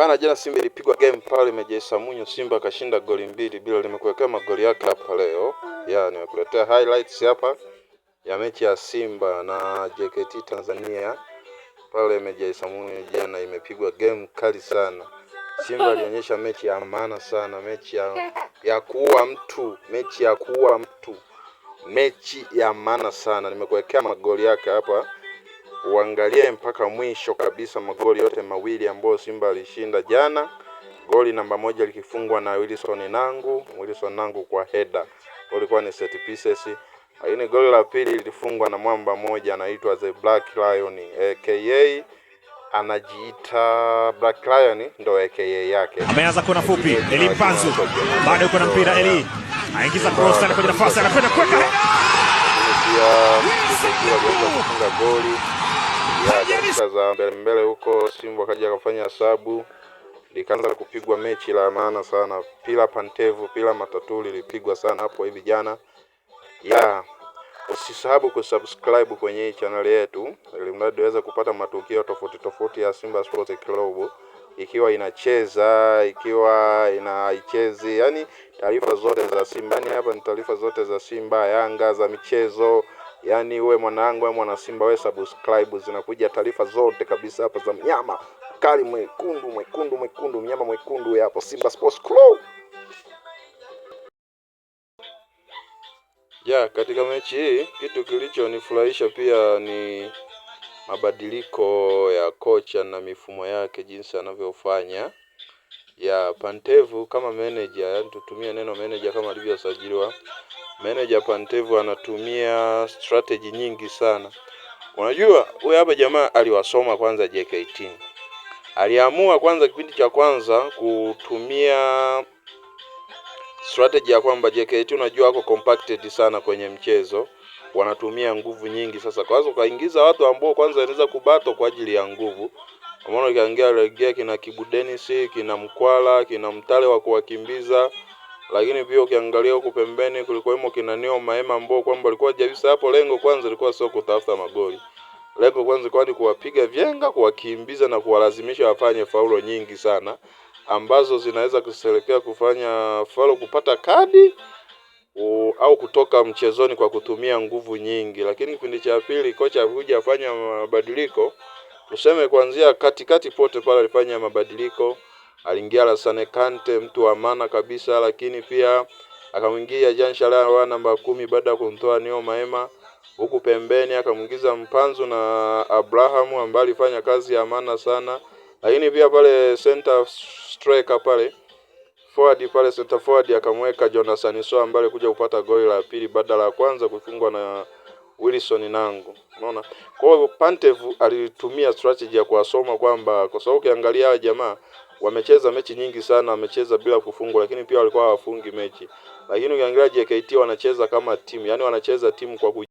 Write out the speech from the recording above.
Bana, jana Simba ilipigwa game pale Meja munyo, Simba akashinda goli mbili bila. Nimekuwekea magoli yake hapa leo ya, nimekuletea highlights hapa ya mechi ya Simba na JKT Tanzania pale Meja munyo jana. Imepigwa game kali sana. Simba alionyesha mechi ya maana sana, mechi ya, ya kuua mtu, mechi ya kuua mtu, mechi ya maana sana. Nimekuwekea magoli yake hapa uangalie mpaka mwisho kabisa magoli yote mawili ambayo Simba alishinda jana. Goli namba moja likifungwa na Wilson Nangu, Wilson Nangu kwa header, ulikuwa ni set pieces, lakini goli la pili lilifungwa na mwamba mmoja anaitwa The Black Lion aka anajiita Black Lion ndo aka yake. Ameanza kona fupi, Eli Mpanzu bado yuko na mpira, Eli aingiza cross kwenye nafasi, anapenda kuweka kufunga goli dakika za mbele mbele huko Simba akaja akafanya sabu likaanza kupigwa mechi la maana sana, pila Pantevu pila matatu lilipigwa sana hapo hivi jana ya Usisahau kusubscribe kwenye hii yetu ili mradi uweze kupata matukio tofauti tofauti ya Simba Sports Club, ikiwa inacheza, ikiwa inaichezi, yani taarifa zote za Simba. Yani hapa ni taarifa zote za Simba, Yanga, za michezo. Yaani we mwanangu, we mwana Simba, we subscribe, zinakuja taarifa zote kabisa hapa za mnyama kali mwekundu, mwekundu, mwekundu, mnyama mwekundu hapo Simba Sports Club. Ya, katika mechi hii kitu kilichonifurahisha pia ni mabadiliko ya kocha na mifumo yake jinsi anavyofanya. Ya Pantevu kama manager, yani tutumie neno manager kama alivyosajiliwa Manager Pantevu anatumia strategy nyingi sana. Unajua huyu hapa jamaa aliwasoma kwanza JKT. Aliamua kwanza kipindi cha kwanza kutumia strategy ya kwamba JKT unajua wako compacted sana kwenye mchezo, wanatumia nguvu nyingi. Sasa kwanza ukaingiza watu ambao kwanza wanaweza kubato kwa ajili ya nguvu. Umeona, ukaingia kina Kibu Dennis, kina Mkwala, kina Mtale wa kuwakimbiza lakini pia ukiangalia huku pembeni kulikuwa kina kinanio Maema ambao kwamba walikuwa hajavisa hapo. Lengo kwanza lilikuwa sio kutafuta magoli, lengo kwanza ilikuwa ni kuwapiga vyenga, kuwakimbiza na kuwalazimisha wafanye faulo nyingi sana ambazo zinaweza kuselekea kufanya faulo kupata kadi u, au kutoka mchezoni kwa kutumia nguvu nyingi. Lakini kipindi cha pili kocha huja afanya mabadiliko, tuseme kuanzia katikati pote pale alifanya mabadiliko aliingia Alassane Kante, mtu wa maana kabisa, lakini pia akamwingia Jean Charles namba kumi baada ya kumtoa Neo Maema huku pembeni akamwingiza Mpanzu na Abrahamu ambaye alifanya kazi ya maana sana, lakini pia pale center striker pale forward pale center forward akamweka Jonathan Sow ambaye alikuja kupata goli la pili baada ya kwanza kufungwa na Wilson Nangu. Unaona, kwa hiyo Pantev alitumia strategy ya kuwasoma kwamba, kwa sababu ukiangalia hawa jamaa wamecheza mechi nyingi sana, wamecheza bila kufungwa, lakini pia walikuwa hawafungi mechi. Lakini ukiangalia JKT wanacheza kama timu, yani wanacheza timu kwa